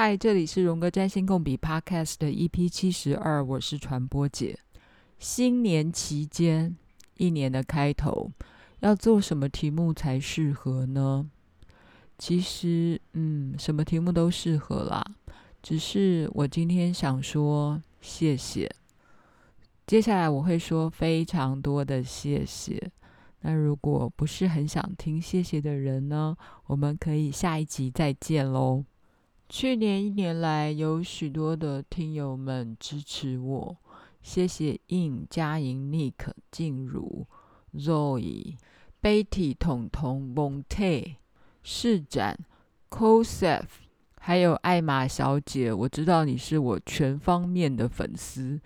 嗨，Hi，這裡是榮格占星共筆 Podcast 的 EP 七十二，我是傳播姊。新年期間，一年的開頭，要做什麼題目才適合呢？其實，嗯，什麼題目都適合啦。只是我今天想說謝謝，接下來我會說非常多的謝謝。那如果不是很想聽謝謝的人呢，我們可以下一集再見嘍。去年一年來，有許多的聽友們支持我，謝謝 In、嘉瑩、Nick、靜茹、Zoe、Betty、彤彤、Monte、世展、Kosef，還有艾瑪小姐，我知道你是我全方面的粉絲。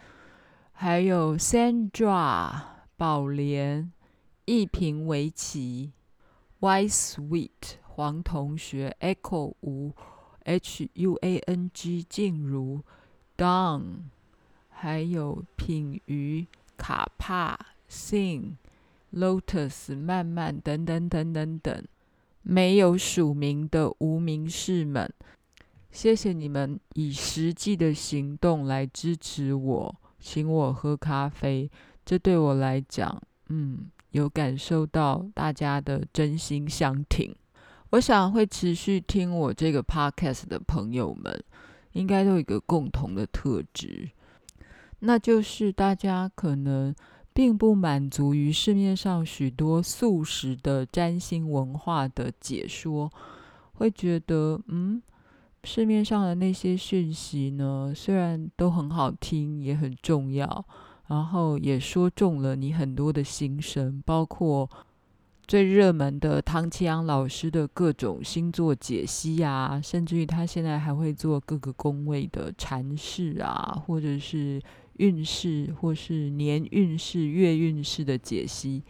還有 Sandra、寶蓮、一平圍棋、Y Sweet、weet, 黃同學、Echo 吳。Huang 靜如，Dong，還有品瑜、卡帕、Sing、Lotus、漫漫、Lotus、慢慢等等等等等，沒有署名的無名氏們，謝謝你們以實際的行動來支持我，請我喝咖啡。這對我來講，嗯，有感受到大家的真心相挺。我想會持續聽我這個 podcast 的朋友們，應該都有一個共同的特質，那就是大家可能並不滿足於市面上許多速食的占星文化的解說，會覺得，嗯，市面上的那些訊息呢，雖然都很好聽，也很重要，然後也說中了你很多的心聲，包括，最熱門的唐綺陽老師的各種星座解析啊，甚至於他現在還會做各個宮位的闡釋啊，或者是運勢，或是年運勢、月運勢的解析。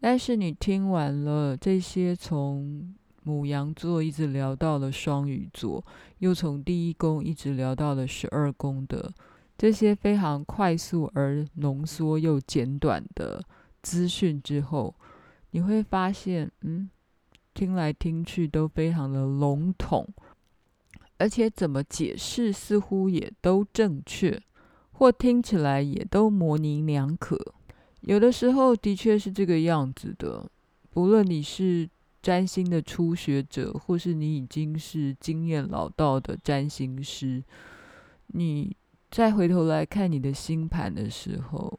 但是你聽完了這些，從牡羊座一直聊到了雙魚座，又從第一宮一直聊到了十二宮的這些非常快速而濃縮又簡短的資訊之後。你會發現，嗯，聽來聽去都非常的籠統，而且怎麼解釋似乎也都正確，或聽起來也都模棱兩可。有的時候的確是這個樣子的。不論你是占星的初學者，或是你已經是經驗老道的占星師，你再回頭來看你的星盤的時候。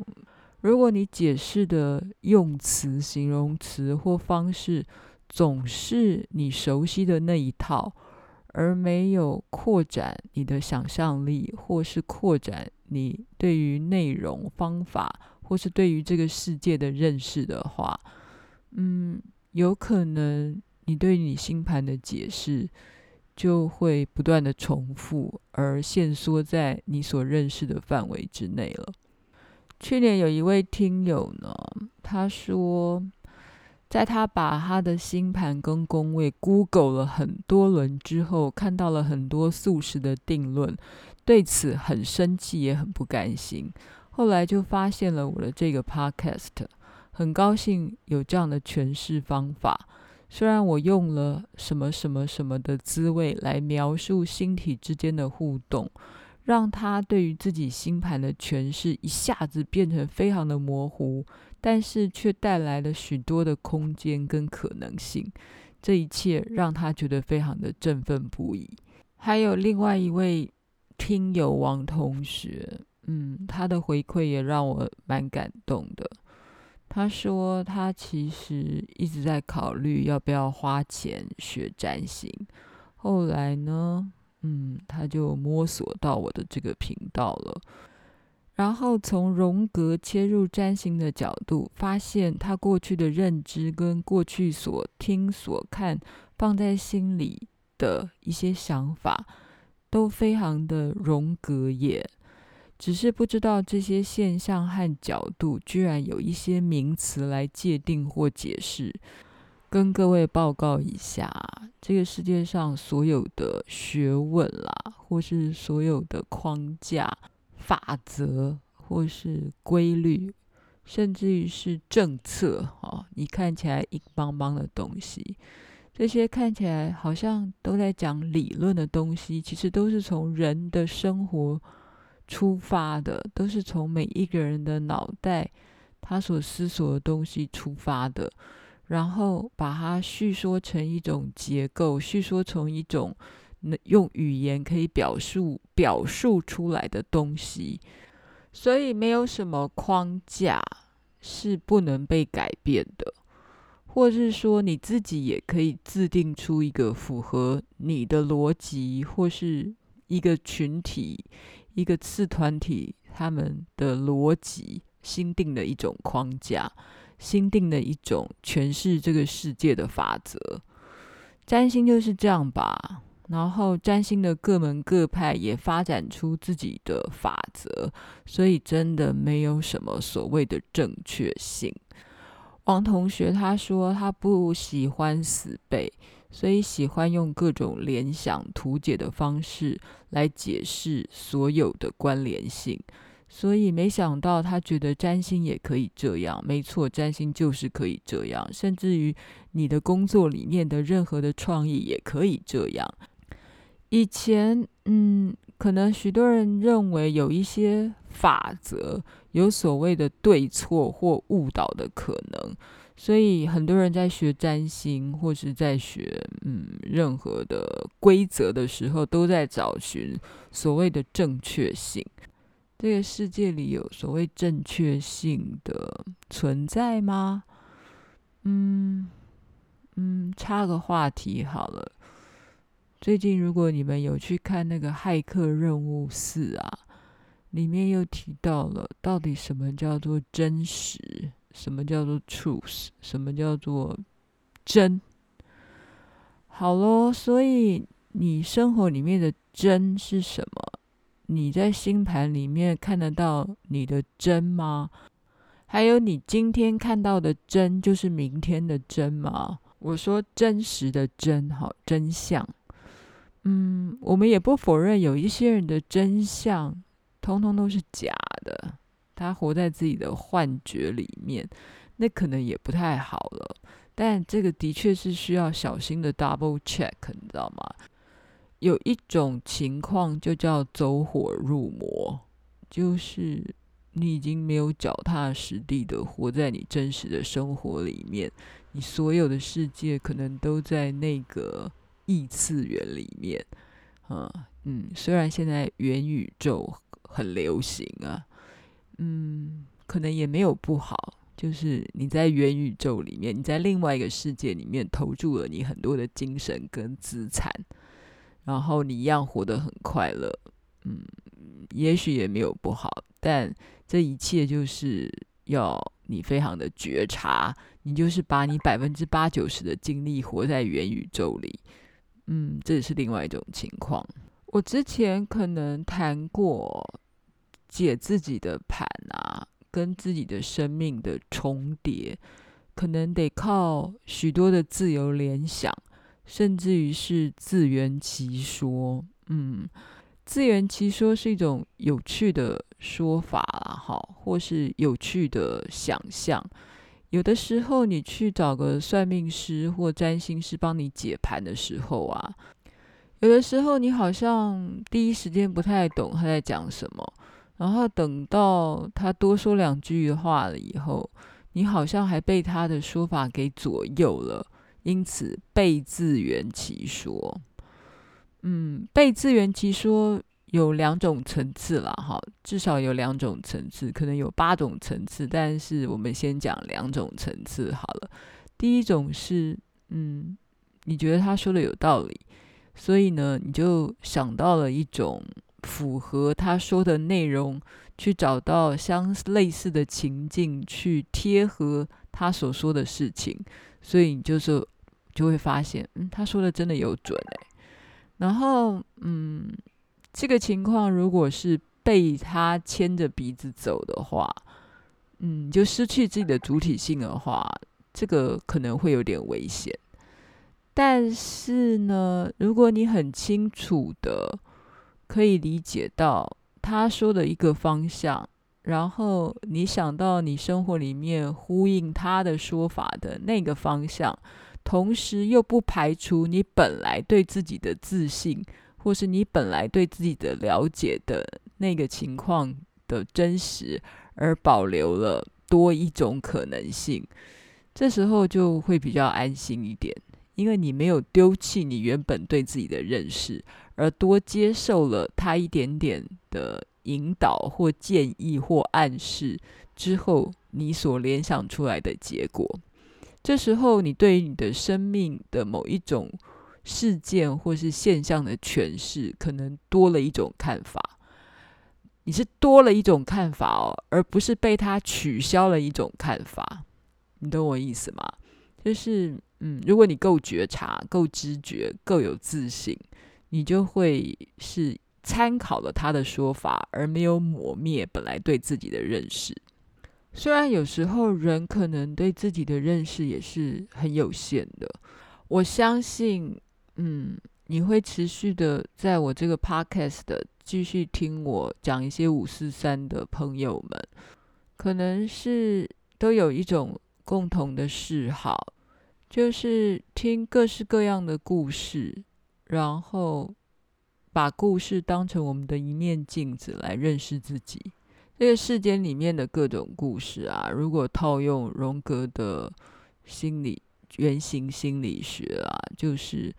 如果你解釋的用詞、形容詞或方式總是你熟悉的那一套，而沒有擴展你的想象力，或是擴展你對於內容、方法，或是對於這個世界的認識的話，嗯，有可能你對你星盤的解釋就會不斷的重複，而限縮在你所認識的範圍之內了。去年有一位聽友呢，他說，在他把他的星盤跟宮位 Google 了很多輪之後，看到了很多速食的定論，對此很生氣，也很不甘心。後來就發現了我的這個 Podcast，很高興有這樣的詮釋方法。雖然我用了什麼什麼什麼的滋味來描述星體之間的互動。讓他對於自己星盤的詮釋一下子變成非常的模糊，但是卻帶來了許多的空間跟可能性。這一切讓他覺得非常的振奮不已。還有另外一位聽友王同學，嗯，他的回饋也讓我蠻感動的。他說他其實一直在考慮要不要花錢學占星，後來呢，嗯，他就摸索到我的這個頻道了，然後從榮格切入占星的角度，發現他過去的認知跟過去所聽所看放在心裡的一些想法，都非常的榮格也，只是不知道這些現象和角度居然有一些名詞來界定或解釋。跟各位報告一下，這個世界上所有的學問啦，或是所有的框架、法則，或是規律，甚至於是政策啊，哦，你看起來硬邦邦的東西，這些看起來好像都在講理論的東西，其實都是從人的生活出發的，都是從每一個人的腦袋他所思索的東西出發的。然後把它敘說成一種結構，敘說成一種能用語言可以表述表述出來的東西，所以沒有什麼框架是不能被改變的，或是說你自己也可以制定出一個符合你的邏輯，或是一個群體、一個次團體他們的邏輯新定的一種框架。心定的一種詮釋這個世界的法則，占星就是這樣吧。然後占星的各門各派也發展出自己的法則，所以真的沒有什麼所謂的正確性。王同學他說他不喜歡死背，所以喜歡用各種聯想圖解的方式來解釋所有的關聯性。所以，沒想到他覺得占星也可以這樣。沒錯，占星就是可以這樣，甚至於你的工作裡面的任何的創意也可以這樣。以前，嗯，可能許多人認為有一些法則，有所謂的對錯或誤導的可能，所以很多人在學占星或是在學，嗯，任何的規則的時候，都在找尋所謂的正確性。這個世界裡有所謂正確性的存在嗎？嗯嗯，插個話題好了。最近如果你們有去看那個《駭客任務四》啊，裡面又提到了到底什麼叫做真實，什麼叫做 truth，什麼叫做真。好咯，所以你生活裡面的真是什麼？你在星盤裡面看得到你的真嗎？還有你今天看到的真，就是明天的真嗎？我說真實的真，好，真相。嗯，我們也不否認有一些人的真相，通通都是假的，他活在自己的幻覺裡面，那可能也不太好了。但這個的確是需要小心的 double check，你知道嗎？有一種情況就叫走火入魔，就是你已經沒有腳踏實地的活在你真實的生活裡面，你所有的世界可能都在那個異次元裡面。嗯，雖然現在元宇宙很流行啊，嗯，可能也沒有不好，就是你在元宇宙裡面，你在另外一個世界裡面投注了你很多的精神跟資產。然後你一樣活得很快樂，嗯，也許也沒有不好，但這一切就是要你非常的覺察，你就是把你百分之八九十的精力活在元宇宙裡，嗯，這也是另外一種情況。我之前可能談過解自己的盤啊，跟自己的生命的重疊，可能得靠許多的自由聯想。甚至於是自圓其說，嗯，自圓其說是一種有趣的說法啦，好，或是有趣的想象。有的時候你去找個算命師或占星師幫你解盤的時候啊，有的時候你好像第一時間不太懂他在講什麼，然後等到他多說兩句話了以後，你好像還被他的說法給左右了。因此被自圓其說，嗯，被自圓其說有兩種層次了哈，至少有兩種層次，可能有八種層次，但是我們先講兩種層次好了。第一種是，嗯，你覺得他說的有道理，所以呢，你就想到了一種符合他說的內容，去找到相似、類似的情境，去貼合他所說的事情，所以你就是。就會發現，嗯，他說的真的有準誒、欸，然後，嗯，這個情況如果是被他牽着鼻子走的話，嗯，就失去自己的主體性的話，這個可能會有點危險。但是呢，如果你很清楚的可以理解到他說的一個方向，然後你想到你生活裡面呼應他的說法的那個方向。同時又不排除你本來對自己的自信，或是你本來對自己的了解的那個情況的真實，而保留了多一種可能性，這時候就會比較安心一點，因為你沒有丟棄你原本對自己的認識，而多接受了他一點點的引導或建議或暗示之後，你所聯想出來的結果。這時候，你對你的生命的某一種事件或是現象的詮釋，可能多了一種看法。你是多了一種看法哦，而不是被他取消了一種看法。你懂我意思嗎？就是，嗯，如果你夠覺察、夠知覺、夠有自信，你就會是參考了他的說法，而沒有磨滅本來對自己的認識。雖然有時候人可能對自己的認識也是很有限的，我相信，嗯，你會持續的在我這個 podcast 的繼續聽我講一些五四三的朋友們，可能是都有一種共同的嗜好，就是聽各式各樣的故事，然後把故事當成我們的一面鏡子來認識自己。這個世間裡面的各種故事啊，如果套用榮格的心理原型心理學啊，就是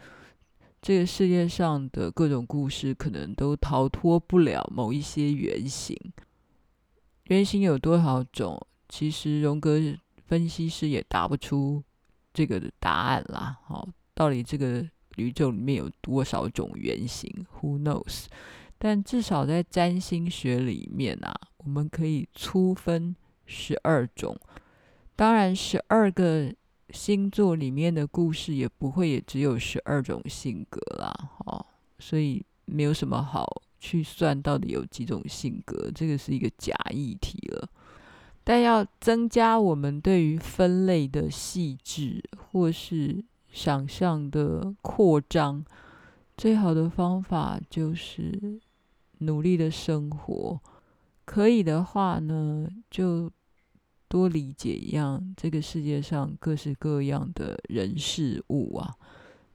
這個世界上的各種故事，可能都逃脫不了某一些原型。原型有多少種？其實榮格分析師也答不出這個答案啦。好，哦，到底這個宇宙裡面有多少種原型？Who knows？但至少在占星學裡面啊。我們可以粗分十二種，當然十二個星座裡面的故事也不會也只有十二種性格啦，哦，所以沒有什麼好去算到底有幾種性格，這個是一個假議題了。但要增加我們對於分類的細緻，或是想象的擴張，最好的方法就是努力的生活。可以的話呢，就多理解一樣這個世界上各式各樣的人事物啊。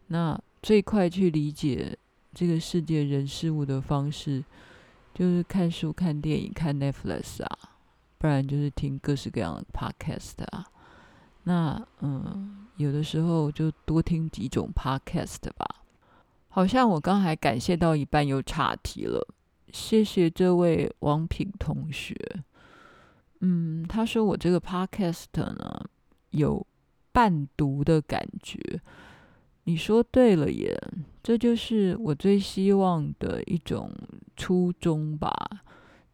那最快去理解這個世界人事物的方式，就是看書、看電影、看 Netflix 啊，不然就是聽各式各樣的 Podcast 啊。那嗯，有的時候就多聽幾種 Podcast 吧。好像我剛還感謝到一半又岔題了。謝謝這位王平同學。嗯，他說我這個 podcast 呢，有伴讀的感覺。你說對了耶，這就是我最希望的一種初衷吧。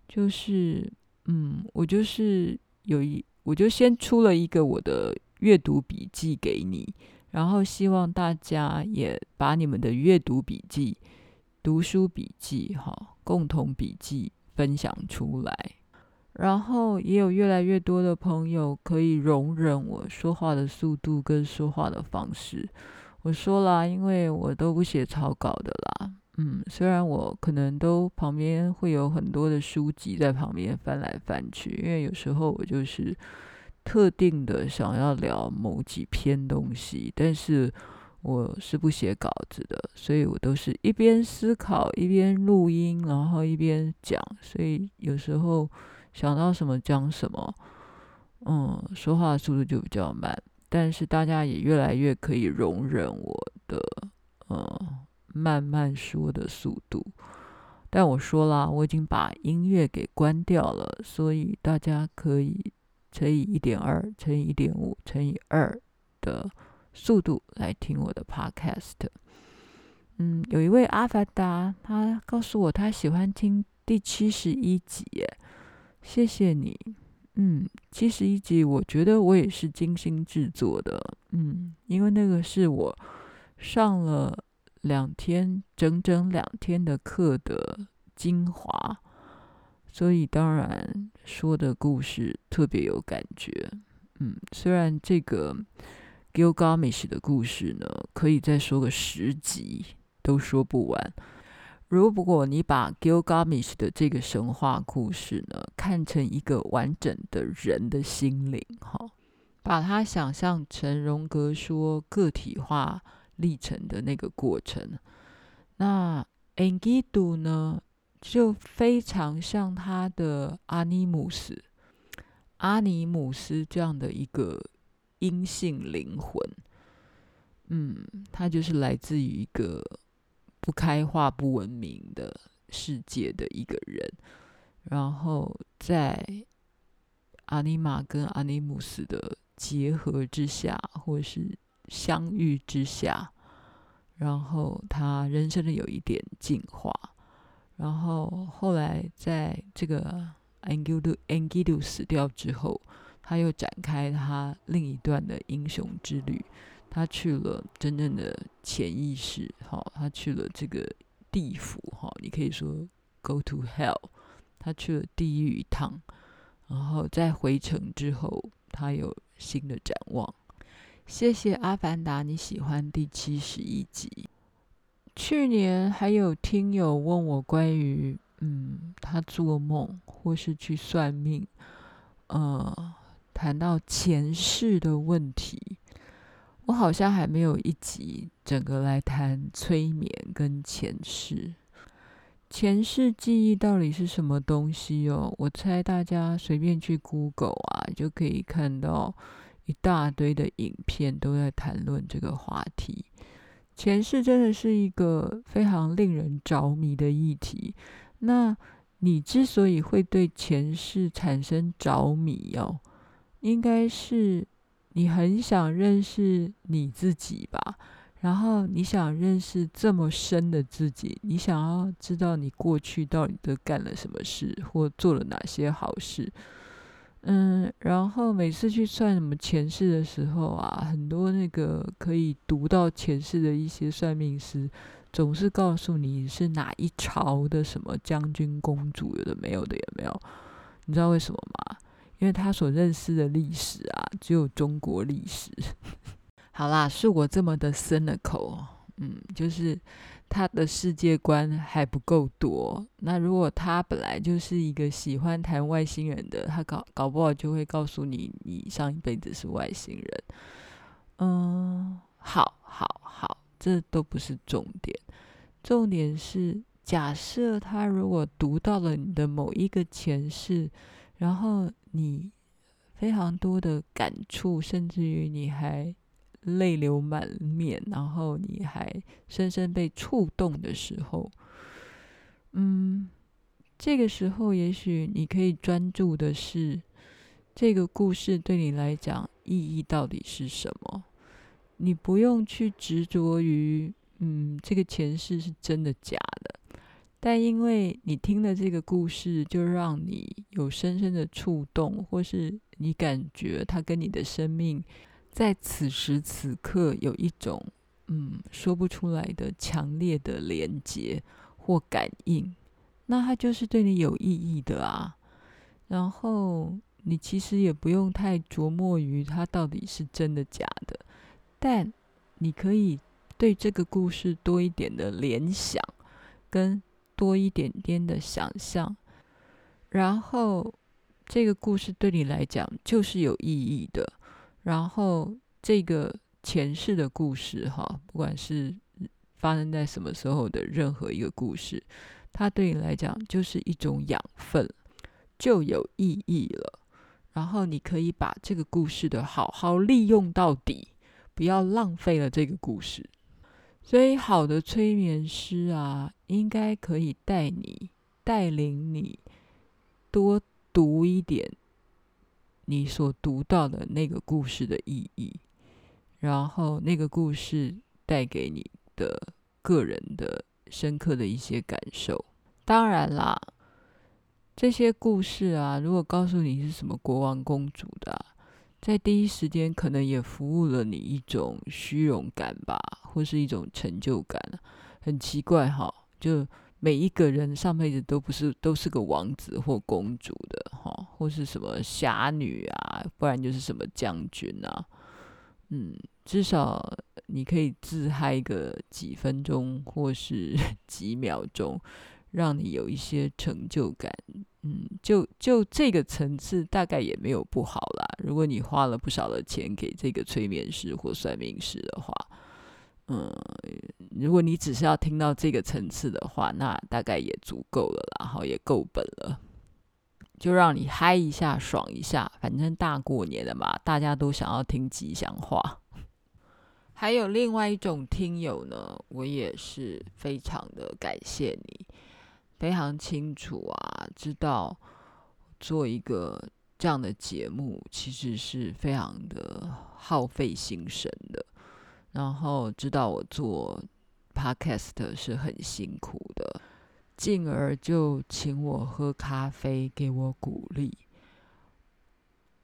就是，嗯，我就是有一，我就先出了一個我的閱讀筆記給你，然後希望大家也把你們的閱讀筆記。讀書筆記哈，共同筆記分享出來，然後也有越來越多的朋友可以容忍我說話的速度跟說話的方式。我說啦啊，因為我都不寫草稿的啦，嗯，雖然我可能都旁邊會有很多的書籍在旁邊翻來翻去，因為有時候我就是特定的想要聊某幾篇東西，但是。我是不寫稿子的，所以我都是一邊思考，一邊錄音，然後一邊講。所以有時候想到什麼講什麼，嗯，說話的速度就比較慢。但是大家也越來越可以容忍我的，嗯，慢慢說的速度。但我說啦，我已經把音樂給關掉了，所以大家可以乘以一點二，乘以一點五，乘以二的。速度來聽我的 podcast，嗯，有一位阿凡達，他告訴我他喜歡聽第七十一集，謝謝你，嗯，七十一集我覺得我也是精心製作的，嗯，因為那個是我上了兩天，整整兩天的課的精華，所以當然說的故事特別有感覺，嗯，雖然這個。Gilgamesh 的故事呢，可以再說個十集都說不完。如果你把 Gilgamesh 的這個神話故事呢，看成一個完整的人的心靈，哈、哦，把它想象成榮格說個體化歷程的那個過程，那 Enkidu 呢，就非常像他的阿尼姆斯、阿尼姆斯這樣的一個。陰性靈魂，嗯，他就是來自於一個不開化、不文明的世界的一個人，然後在阿尼瑪跟阿尼姆斯的結合之下，或是相遇之下，然後他人生的有一點進化，然後後來在這個安吉魯安吉魯死掉之後。他又展開他另一段的英雄之旅，他去了真正的潛意識，他去了這個地府，哈，你可以說 go to hell，他去了地獄一趟，然後再回城之後，他有新的展望。謝謝《阿凡達》，你喜歡第七十一集？去年還有聽友問我關於，嗯，他做夢或是去算命，嗯、呃談到前世的問題，我好像還沒有一集整個來談催眠跟前世、前世記憶到底是什麼東西哦。我猜大家隨便去 Google 啊，就可以看到一大堆的影片都在談論這個話題。前世真的是一個非常令人着迷的議題。那你之所以會對前世產生着迷哦，應該是你很想認識你自己吧，然後你想認識這麼深的自己，你想要知道你過去到底都幹了什麼事，或做了哪些好事。嗯，然後每次去算什麼前世的時候啊，很多那個可以讀到前世的一些算命師，總是告訴你是哪一朝的什麼將軍、公主，有的沒有的也沒有，你知道為什麼嗎？因為他所認識的歷史啊，只有中國歷史。 好啦，是我這麼的 cynical，嗯，就是他的世界觀還不夠多。那如果他本來就是一個喜歡談外星人的，他搞搞不好就會告訴你，你上一輩子是外星人。嗯，好，好，好，這都不是重點，重點是假設他如果讀到了你的某一個前世，然後，你非常多的感觸，甚至於你還淚流滿面，然後你還深深被觸動的時候，嗯，這個時候也許你可以專注的是這個故事對你來講意義到底是什麼，你不用去執着於嗯這個前世是真的假的。但因為你聽了這個故事，就讓你有深深的觸動，或是你感覺它跟你的生命在此時此刻有一種嗯說不出來的強烈的連接或感應，那它就是對你有意義的啊。然後你其實也不用太琢磨於它到底是真的假的，但你可以對這個故事多一點的聯想跟。多一點點的想象，然後這個故事對你來講就是有意義的。然後這個前世的故事，哈，不管是發生在什麼時候的任何一個故事，它對你來講就是一種養分，就有意義了。然後你可以把這個故事的好好利用到底，不要浪費了這個故事。所以，好的催眠師啊，應該可以帶你帶領你多讀一點你所讀到的那個故事的意義，然後那個故事帶給你的個人的深刻的一些感受。當然啦，這些故事啊，如果告訴你是什麼國王公主的啊。在第一時間，可能也服務了你一種虛榮感吧，或是一種成就感，很奇怪哈、哦。就每一個人上輩子都不是都是個王子或公主的哈，或是什麼俠女啊，不然就是什麼將軍啊。嗯，至少你可以自嗨個幾分鐘或是幾秒鐘，讓你有一些成就感。嗯，就就這個層次，大概也沒有不好。如果你花了不少的錢給這個催眠師或算命師的話，嗯，如果你只是要聽到這個層次的話，那大概也足夠了，然後也夠本了，就讓你嗨一下、爽一下。反正大過年的嘛，大家都想要聽吉祥話。還有另外一種聽友呢，我也是非常的感謝你，非常清楚啊，知道做一個。這樣的節目其實是非常的耗費心神的，然後知道我做 podcast 是很辛苦的，進而就請我喝咖啡給我鼓勵，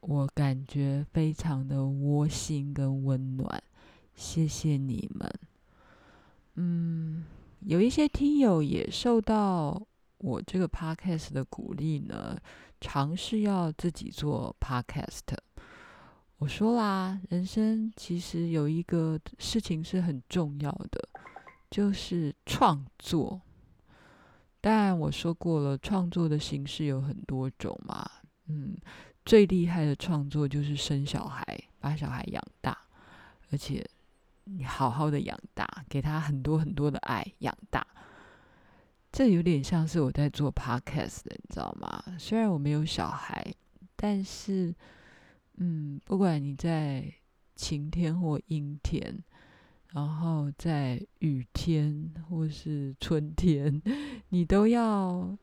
我感覺非常的窩心跟溫暖，謝謝你們。嗯，有一些聽友也受到我這個 podcast 的鼓勵呢，嘗試要自己做 podcast。我說啦，人生其實有一個事情是很重要的，就是創作。但我說過了，創作的形式有很多種嘛。嗯，最厲害的創作就是生小孩，把小孩養大，而且你好好的養大，給他很多很多的愛，養大。這有點像是我在做 podcast 的，你知道嗎？雖然我沒有小孩，但是，嗯，不管你在晴天或陰天，然後在雨天或是春天，你都要，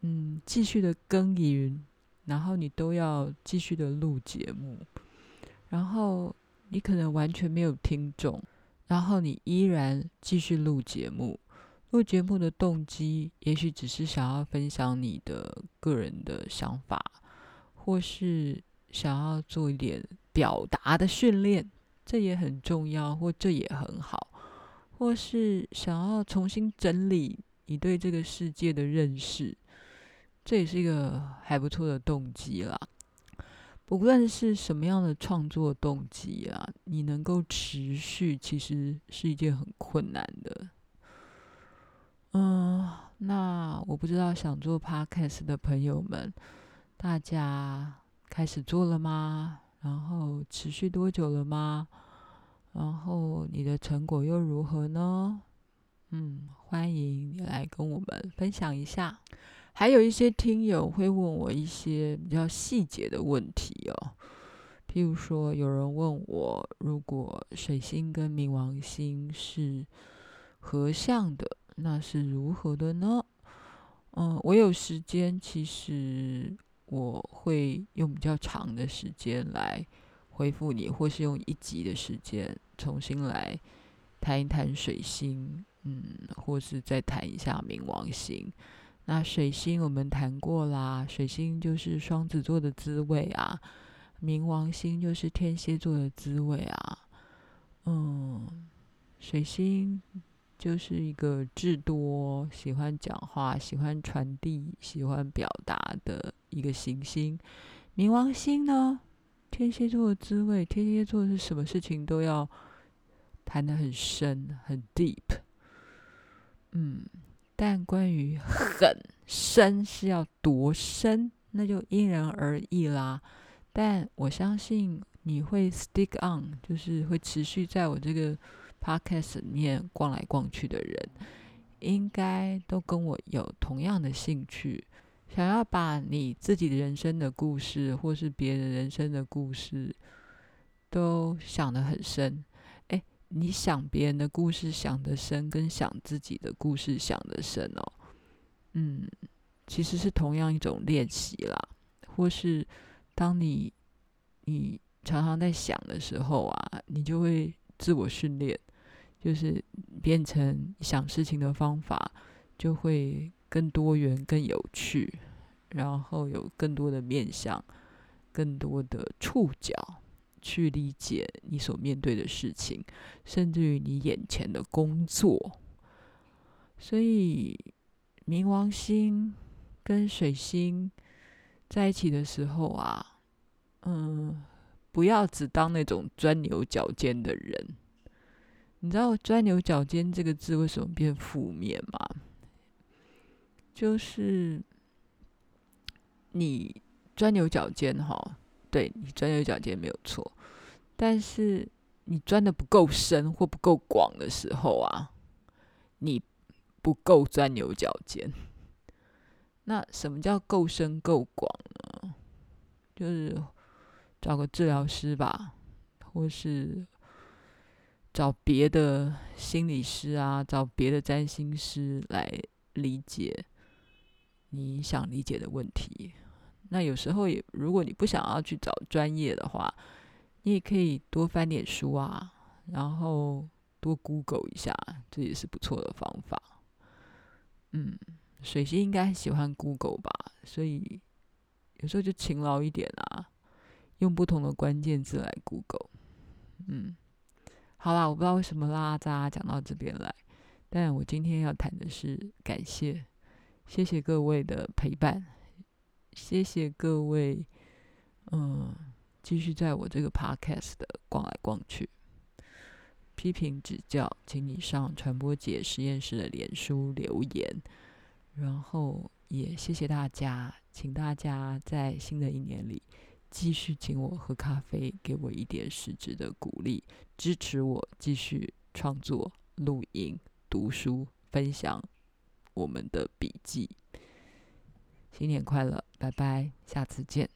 嗯，繼續的耕耘，然後你都要繼續的錄節目，然後你可能完全沒有聽眾，然後你依然繼續錄節目。錄節目的動機，也許只是想要分享你的個人的想法，或是想要做一點表達的訓練，這也很重要，或這也很好，或是想要重新整理你對這個世界的認識，這也是一個還不錯的動機啦。不論是什麼樣的創作動機啊，你能夠持續，其實是一件很困難的。我不知道想做 podcast 的朋友們，大家開始做了嗎？然後持續多久了嗎？然後你的成果又如何呢？嗯，歡迎你來跟我們分享一下。還有一些聽友會問我一些比較細節的問題哦，譬如說，有人問我，如果水星跟冥王星是合相的，那是如何的呢？嗯，我有時間，其實我會用比較長的時間來回復你，或是用一集的時間重新來談一談水星，嗯，或是再談一下冥王星。那水星我們談過啦，水星就是雙子座的滋味啊，冥王星就是天蠍座的滋味啊。嗯，水星。就是一個智多，喜歡講話，喜歡傳遞，喜歡表達的一個行星。冥王星呢？天蠍座的滋味。天蠍座是什麼事情都要談得很深，很 deep。嗯，但關於很深是要多深，那就因人而異啦。但我相信你會 stick on，就是會持續在我這個。Podcast 面逛來逛去的人，應該都跟我有同樣的興趣，想要把你自己的人生的故事，或是別人人生的故事，都想得很深。哎，你想別人的故事想得深，跟想自己的故事想得深哦，嗯，其實是同樣一種練習啦。或是當你你常常在想的時候啊，你就會自我訓練。就是變成想事情的方法，就會更多元、更有趣，然後有更多的面向、更多的觸角去理解你所面對的事情，甚至於你眼前的工作。所以，冥王星跟水星在一起的時候啊，嗯，不要只當那種鑽牛角尖的人。你知道“鑽牛角尖”這個字為什麼變負面嗎？就是你鑽牛角尖，哈，對，你鑽牛角尖沒有錯，但是你鑽得不夠深或不夠廣的時候啊，你不夠鑽牛角尖。那什麼叫夠深夠廣呢？就是找個治療師吧，或是。找別的心理師啊，找別的占星師來理解你想理解的問題。那有時候也，如果你不想要去找專業的話，你也可以多翻點書啊，然後多 Google 一下，這也是不錯的方法。嗯，水星應該喜歡 Google 吧，所以有時候就勤勞一點啊，用不同的關鍵字來 Google。嗯。好啦，我不知道為什麼拉雜講到這邊來，但我今天要談的是感謝。謝謝各位的陪伴，謝謝各位，嗯，繼續在我這個 podcast 的逛來逛去，批評指教，請你上傳播姊實驗室的臉書留言，然後也謝謝大家，請大家在新的一年裡。繼續請我喝咖啡，給我一點實質的鼓勵，支持我繼續創作、錄音、讀書、分享我們的筆記。新年快樂，拜拜，下次見。